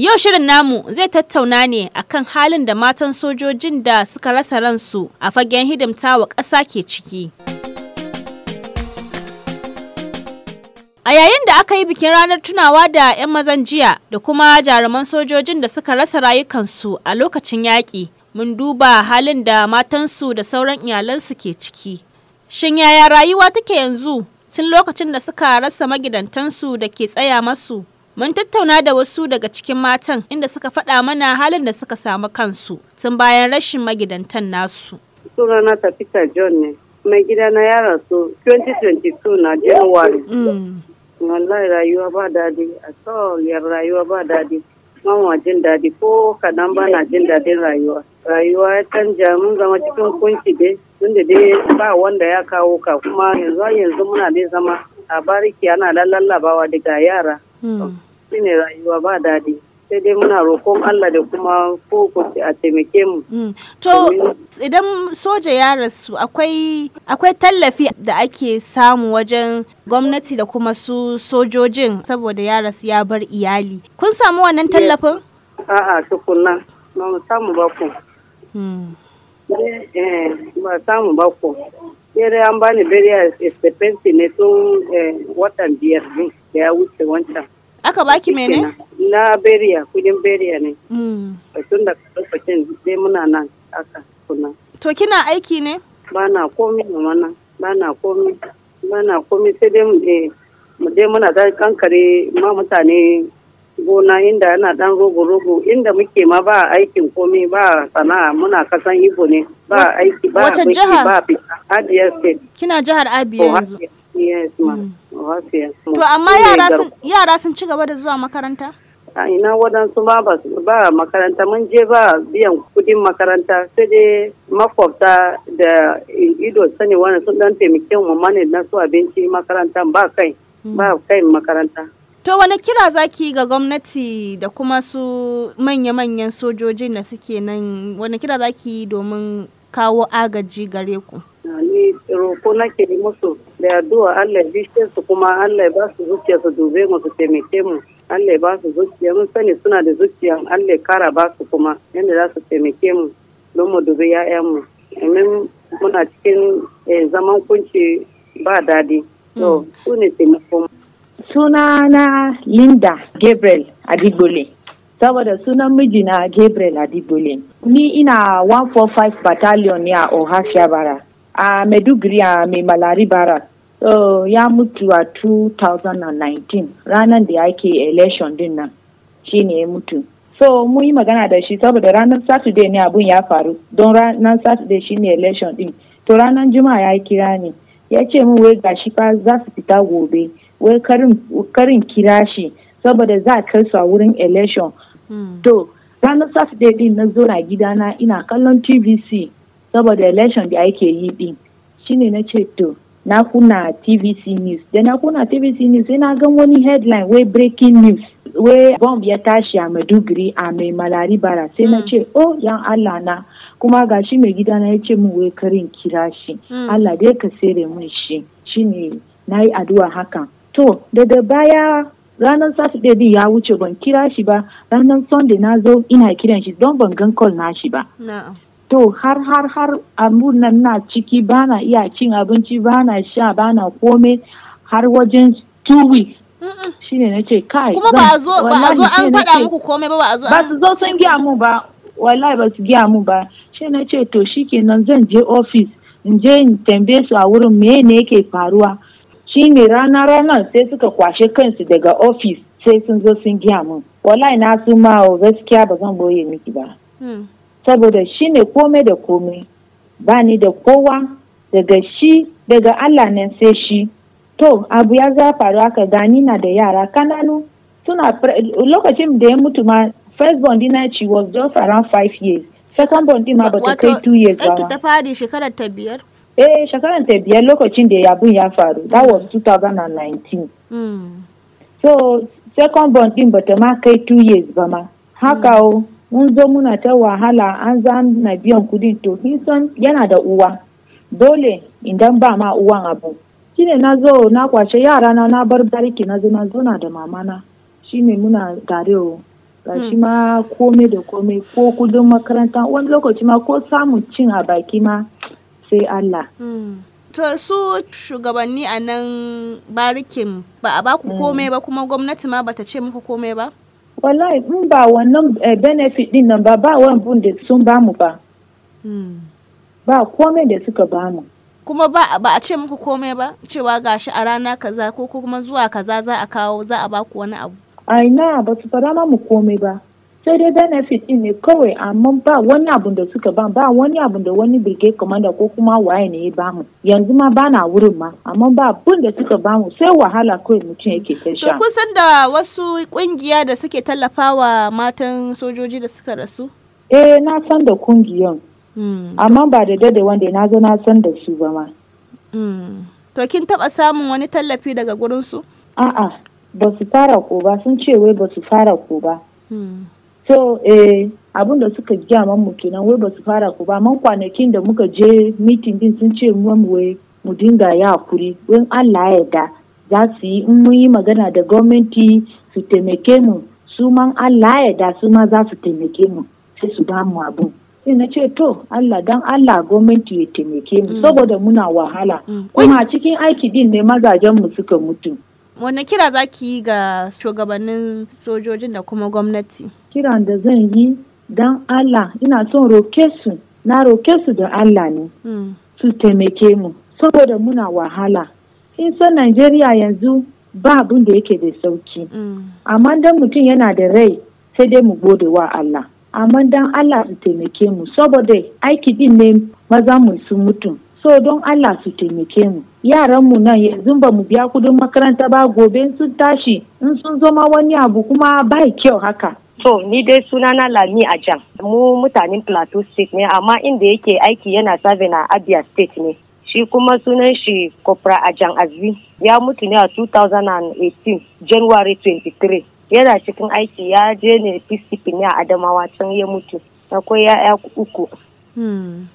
Yau shirin namu zai tattauna ne akan halin da matan sojojin da suka rasa ransu a fagen hidimta wa ƙasa ke ciki. A yayin da aka yi bikin ranar tunawa da 'yan mazan jiya da kuma jaruman sojojin da suka rasa rayukansu a lokacin yaƙi, mun duba halin da matansu da sauran iyalansu ke ciki. Shin yaya rayuwa take yanzu tun lokacin da suka rasa magidantansu da ke tsaya masu? Mun tattauna da wasu daga cikin matan inda suka faɗa mana halin da suka samu kansu tun bayan rashin magidantan nasu. Sunana Tafita John ne, mai gida na yara su 2022 na January. Mm. Wallahi rayuwa ba daɗi, a tsawon rayuwa ba daɗi. Mama jin daɗi ko kaɗan ba na jin daɗin rayuwa. Rayuwa ya canja mun zama cikin kunci dai, tunda dai ba wanda ya kawo ka kuma yanzu yanzu muna dai zama a bariki ana lallabawa daga yara. Mm. ne rayuwa ba daɗi sai dai muna roƙon Allah da kuma kowace a taimake mu. Mm. To idan soja ya rasu akwai tallafi da ake samu wajen gwamnati da kuma su sojojin saboda ya rasu ya bar iyali. Kun samu wannan tallafin? A'a tukunna ba mu samu ba ku. Hmm. Eh, eh, samu ba ku. an bani biriya ne tun eh, watan biyar da ya wuce wancan. Aka baki mene? Na beriya, kudin beriya ne. Hmm. Tun da lokacin dai muna nan aka kuna. To kina aiki ne? Ba na komi na mana, ba na komi, ba na komi sai dai eh, mu dai muna da kankare ma mutane gona inda ana dan rogo-rogo inda muke ma ba aikin komi ba sana'a muna kasan Igbo ne ba aiki ba ba fita. Abia State. Kina jihar Abia yanzu? Yes ma. Mm. To amma yara sun ci gaba da zuwa makaranta? A ina waɗansu ma ba makaranta mun je ba biyan kudin makaranta sai dai makwabta da ido sani wani sun dan taimake mu mane na su abinci makaranta ba kai hmm. ba kai makaranta. To wani kira zaki ga gwamnati da kuma su manya-manyan sojojin da suke nan wani kira zaki domin kawo agaji gare ku? Ni roko nake musu da addu'a Allah ya bishe su kuma Allah ya ba su zuciya su dube mu su taimake mu Allah ya ba su zuciya mun sani suna da zuciya Allah ya kara ba su kuma yadda za su taimake mu don mu dubi mu amin muna cikin eh, zaman kunci ba dadi to hmm. su ne taimakon suna na Linda Gabriel Adigole saboda sunan mijina Gabriel Adigole ni ina 145 battalion ne a Ohafia Bara a maiduguri a mai malari bara ya mutu a 2019 ranar da ake election din nan ne ya mutu so mun yi magana da shi saboda ranar saturday ne abun ya faru don ranar saturday shi ne election din to ranar juma'a ya kira ni ya ce min wai gashi fa za su fita gobe wai karin kira shi saboda za a kai su a wurin election hmm. to ranar saturday din na zo na gidana ina kallon tvc saboda election da ake yi din shine na ce to na kuna tvc news da na kuna tvc news sai na gan wani headline wai breaking news wai bomb ya tashi a maiduguri a mai malari bara sai na mm. ce oh yan allah na kuma ga shi mai gida na ya ce min wai karin kira shi mm. allah dai ka sere mun shi shine na yi addu'a hakan to daga baya ranar saturday din ya wuce ban kira shi ba ranar sunday na zo ina kiran shi don ban gan call na shi ba to har har har abun nan na ciki bana iya cin abinci bana sha bana komai har wajen two weeks shine na ce kai kuma ba a zo an faɗa muku komai ba ba a zo ba su zo sun giya mu ba wallahi ba su giya mu ba shi na ce to shikenan zan je ofis in je in tambaye su a wurin me ne yake faruwa ne rana ranar sai suka kwashe kansu daga ofis sai sun zo sun giya mu wallahi na su ma gaskiya ba zan boye miki ba hmm. saboda shi ne komai da komai ba ni da kowa daga shi daga Allah ne sai shi to abu ya za faru aka gani na da yara kananu suna lokacin da ya mutu ma first born dina she was just around five years second born din ma ba ta kai two years ba ta fari shekarar ta biyar eh shekarar ta biyar lokacin da ya ya faru that was 2019 hmm. hmm. so second born din ba ta ma kai two years ba ma haka hmm. o mun zo muna ta wahala an za na biyan kudin to san yana da uwa dole idan ba ma uwan abu shine na zo na kwashe yara na na bar bariki na zo na da mamana shine muna tare o shi ma komai da komai ko kudin makaranta wani lokaci ma ko samun cin a baki ma sai Allah. Hmm. To su shugabanni a nan barikin ba a baku komai ba kuma gwamnati ma bata ce muku komai ba? wallahi in ba wannan eh, benefit din nan ba ba wani da sun bamu ba hmm. ba komai da suka bamu kuma ba a ce muku komai ba cewa shi a rana kaza ko kuma zuwa kaza za a kawo za a baku wani abu aina ba su fara mu komai ba sai dai benefit din ne kawai amma ba wani abun da suka ban ba wani abun da wani brigade commander ko kuma waye ne ya bamu yanzu ma ba na wurin ma amma ba abun da suka bamu sai wahala kawai mutum yake ta sha. kun san da wasu kungiya da suke tallafawa matan sojoji da suka rasu? eh na san da kungiyan hmm, amma ba da dade wanda na zo na san da su ba ma. Hmm, to kin taba samun wani tallafi daga gurin su? a'a ba su fara ko ba sun ce wai ba su fara ko ba. Hmm. so eh abin da suka gya mu kenan wai ba su fara ku ba man kwanakin da muka je mitin din sun ce mu wai mu dinga ya kuri wani Allah ya da za su yi in mun yi magana da gwamnati su taimake mu su man Allah ya da su ma za su taimake mu sai su ba mu abu sai na ce to Allah dan Allah gwamnati ya taimake mu mm. saboda muna wahala mm. kuma cikin aiki din ne mazajen mu suka mutu Wanne kira za ki yi ga shugabannin sojojin da kuma gwamnati? Kiran da zan yi don Allah ina son roke su, na roke su da Allah ne. Hmm. Su taimake mu, saboda muna wahala. In son Najeriya yanzu ba abin da yake da sauki. Hmm. Amma dan mutum yana da rai sai dai mu gode wa Allah. Amma dan Allah su taimake mu, saboda aiki din ne maza mu sun mutum. So don Allah su taimake mu. yaranmu nan yanzu ba mu biya kudin makaranta ba gobe sun tashi in sun zama wani abu kuma ba kyau haka. So ni dai sunana Lami Ajan mu mutanen Plateau State ne amma inda yake aiki yana serving a Abia State ne. Shi kuma sunan shi a Ajan Azvi ya mutu ne a 2018 January 23. Yana cikin aiki ya je ne PCP ne a Adamawa can ya mutu. Akwai ya'ya uku. Hmm.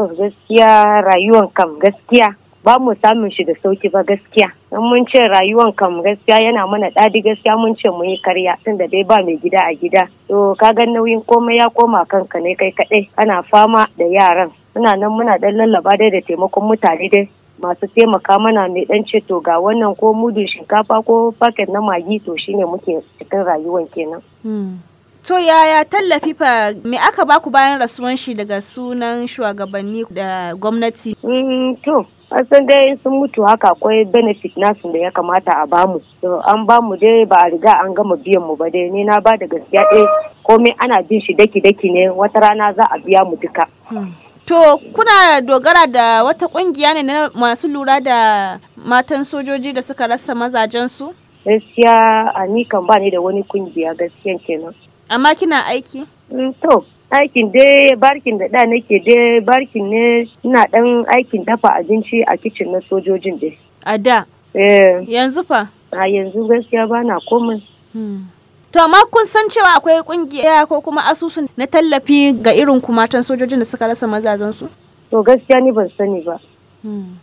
gaskiya rayuwan kam gaskiya ba mu samun shi da sauki ba gaskiya in mun ce rayuwan kam gaskiya yana mana ɗadi gaskiya mun ce mun yi karya Tun da dai ba mai gida a gida to ka ga nauyin komai ya koma kanka ne kai kaɗai Kana fama da yaran muna nan muna dan lallaba dai da taimakon mutane dai masu taimaka mana mai dan to ga wannan ko mudu shinkafa ko paket na magi to shine muke cikin rayuwan kenan. Hmm. To yaya tallafi fa me aka baku bayan rasuwan shi daga sunan shugabanni da gwamnati? Mm, to an san dai sun mutu haka akwai benefit nasu da ya kamata a bamu to an bamu dai ba a riga an gama biyan mu ba dai ni na ba da gaskiya dai komai ana bin shi daki daki ne wata rana za a biya mu duka hmm. To kuna dogara da wata kungiya ne na masu lura da matan sojoji da suka rasa mazajen su. Gaskiya a ni kan ba ni da wani kungiya gaskiya kenan. Amma kina aiki? Mm, to, aikin dai barkin da da nake dai barkin ne ina dan aikin dafa abinci a kicin na sojojin dai a da eh. yanzu fa a yanzu gaskiya ba na komai hmm. To amma kun san cewa akwai kungiya ko kuma asusun na tallafi ga irin kumatan sojojin da suka rasa mazazan su? To gaskiya ni ban sani ba. Hmm.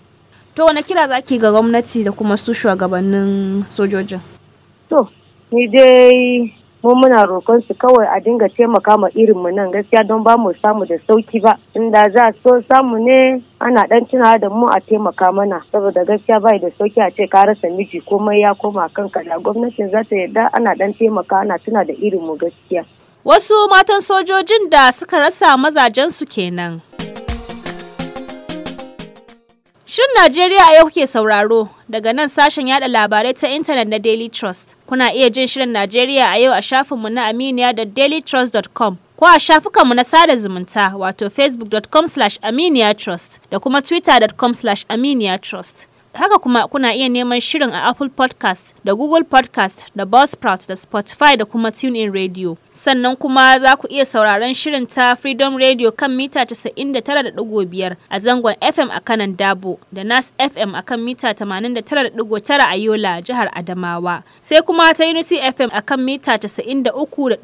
To wani kira zaki ga gwamnati da kuma su shugabannin sojojin? To ni dai mu muna roƙon su kawai a dinga taimaka ma irin mu nan gaskiya don ba mu samu da sauki ba inda za so samu ne ana dan tunawa da mu a taimaka mana saboda gaskiya bai da sauki a ce ka rasa miji komai ya koma kan kada gwamnatin za ta yarda ana dan taimaka ana tuna da irin mu gaskiya wasu matan sojojin da suka rasa mazajen su kenan shin Najeriya a yau ke sauraro daga nan sashen yada labarai ta intanet na Daily Trust. Kuna iya jin shirin Najeriya a yau a shafinmu na Aminiya da dailytrust.com ko a shafukanmu na sada zumunta wato facebook.com slash aminiyatrust da kuma twitter.com slash aminiyatrust. Haka kuma kuna iya neman shirin a Apple podcast da Google podcast da Buzzsprout da Spotify da kuma TuneIn Radio. sannan kuma za ku iya sauraron shirin ta Freedom Radio kan mita 99.5 a zangon FM a kanan Dabo da Nas FM a kan mita 89.9 a Yola jihar Adamawa sai kuma ta Unity FM a kan mita 93.3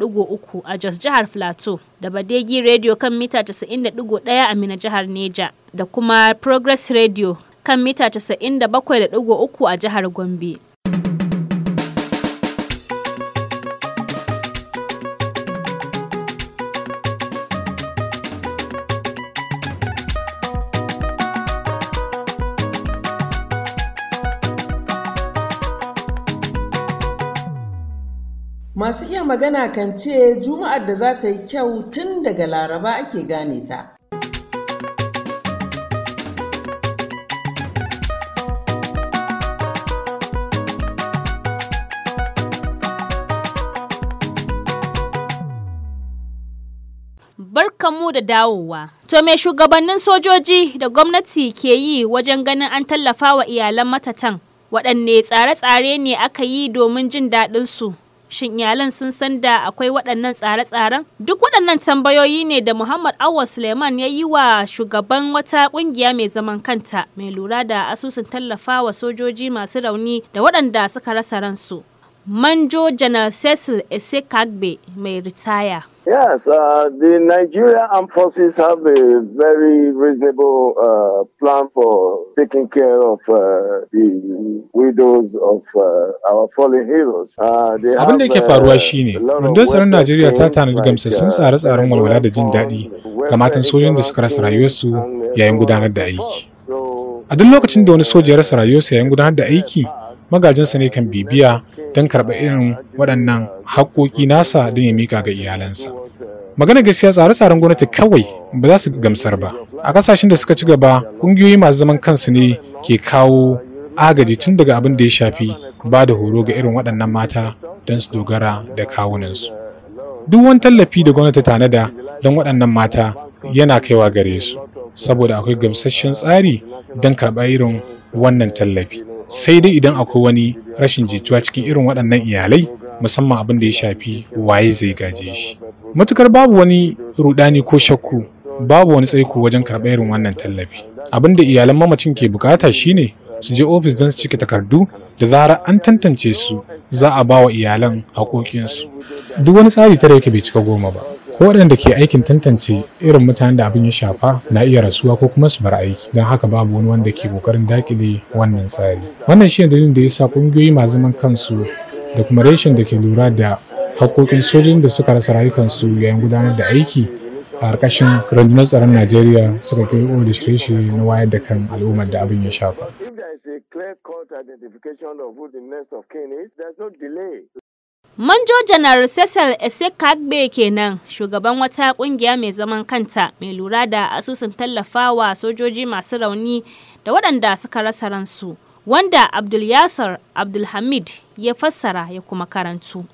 a Jos jihar Plateau da Badegi Radio kan mita 91 a Mina jihar Neja da kuma Progress Radio kan mita 97.3 a jihar Gombe. Masu iya magana kan ce Juma'ar da za ta yi kyau tun daga Laraba ake gane ta. Barkanmu da dawowa. To me shugabannin sojoji da gwamnati ke yi wajen ganin an tallafa wa iyalan matatan waɗanne tsare-tsare ne aka yi domin jin daɗinsu? su? Shin iyalan sun san da akwai waɗannan tsare-tsaren? Duk waɗannan tambayoyi ne da Muhammad Awwa Suleiman ya yi wa shugaban wata ƙungiya mai zaman kanta mai lura da asusun tallafawa sojoji masu rauni da waɗanda suka rasa ransu. Manjo Janar Cecil Esekagbe mai ritaya. Yes, uh, the Nigerian armed forces have a very reasonable uh, plan for taking care of uh, the widows of uh, our fallen heroes. Uh, Abin da yake faruwa uh, shi ne rundun tsaron Najeriya ta tanadi gamsassun tsare-tsaren walwala da jin daɗi ga matan sojin da suka rasa rayuwarsu yayin gudanar da aiki. A duk lokacin da wani soja ya rasa rayuwarsa yayin gudanar da aiki, magajinsa ne kan bibiya don karɓa irin waɗannan haƙoƙi nasa don ya mika ga iyalansa magana gaskiya tsare-tsaren gwamnati kawai ba za su gamsar ba a ƙasashen da suka ci gaba ƙungiyoyi masu zaman kansu ne ke kawo agaji tun daga abin da ya shafi ba da horo ga irin waɗannan mata don su dogara da kawunansu duk wani tallafi da gwamnati tanada don waɗannan mata yana kaiwa gare su saboda akwai gamsasshen tsari don karɓa irin wannan tallafi sai dai idan akwai wani rashin jituwa cikin irin waɗannan iyalai musamman abin da ya shafi waye zai gaje shi matukar babu wani rudani ko shakku babu wani tsaiko wajen karɓar irin wannan tallafi abin da iyalan mamacin ke bukata shine su je ofis don su cike takardu da zarar an tantance su za a ba wa iyalan haƙoƙinsu duk wani tsari tare yake bai cika goma ba ko waɗanda ke aikin tantance irin mutanen da abin ya shafa na iya rasuwa ko kuma su bar aiki don haka babu wani wanda ke ƙoƙarin dakile wannan tsari wannan shi dalilin da ya sa ƙungiyoyi masu zaman kansu da kuma reshen da ke lura da haƙoƙin sojojin da suka rasa rayukansu yayin gudanar da aiki a ƙarƙashin rundunar tsaron najeriya suka kai da shirye-shirye na wayar da kan al'ummar da abin ya shafa is a clear-cut identification of who the next of kin is, there's no delay. Manjo Janar Cecil Esekagbe kenan shugaban wata kungiya mai zaman kanta mai lura da asusun tallafawa sojoji masu rauni da waɗanda suka rasa ransu wanda Abdul Yasir Abdulhamid ya fassara ya kuma karantu.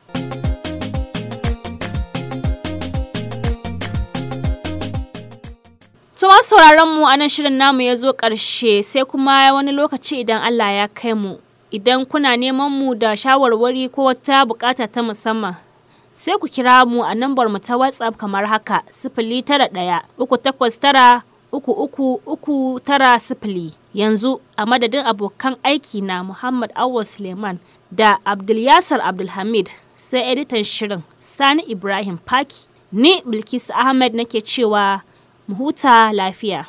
To masu sauraron mu anan shirin namu ya zo ƙarshe sai kuma wani lokaci idan Allah ya kai mu. Idan kuna neman mu da shawarwari ko wata bukata ta musamman sai ku kira mu a nambar mu ta WhatsApp kamar haka sifili tara ɗaya uku takwas tara uku uku uku tara sifili. Yanzu a madadin abokan aiki na Muhammad Awwa Suleiman da Abdulyasar Abdulhamid sai editan shirin Sani Ibrahim Faki ni Bilkisu Ahmed nake cewa mu huta lafiya.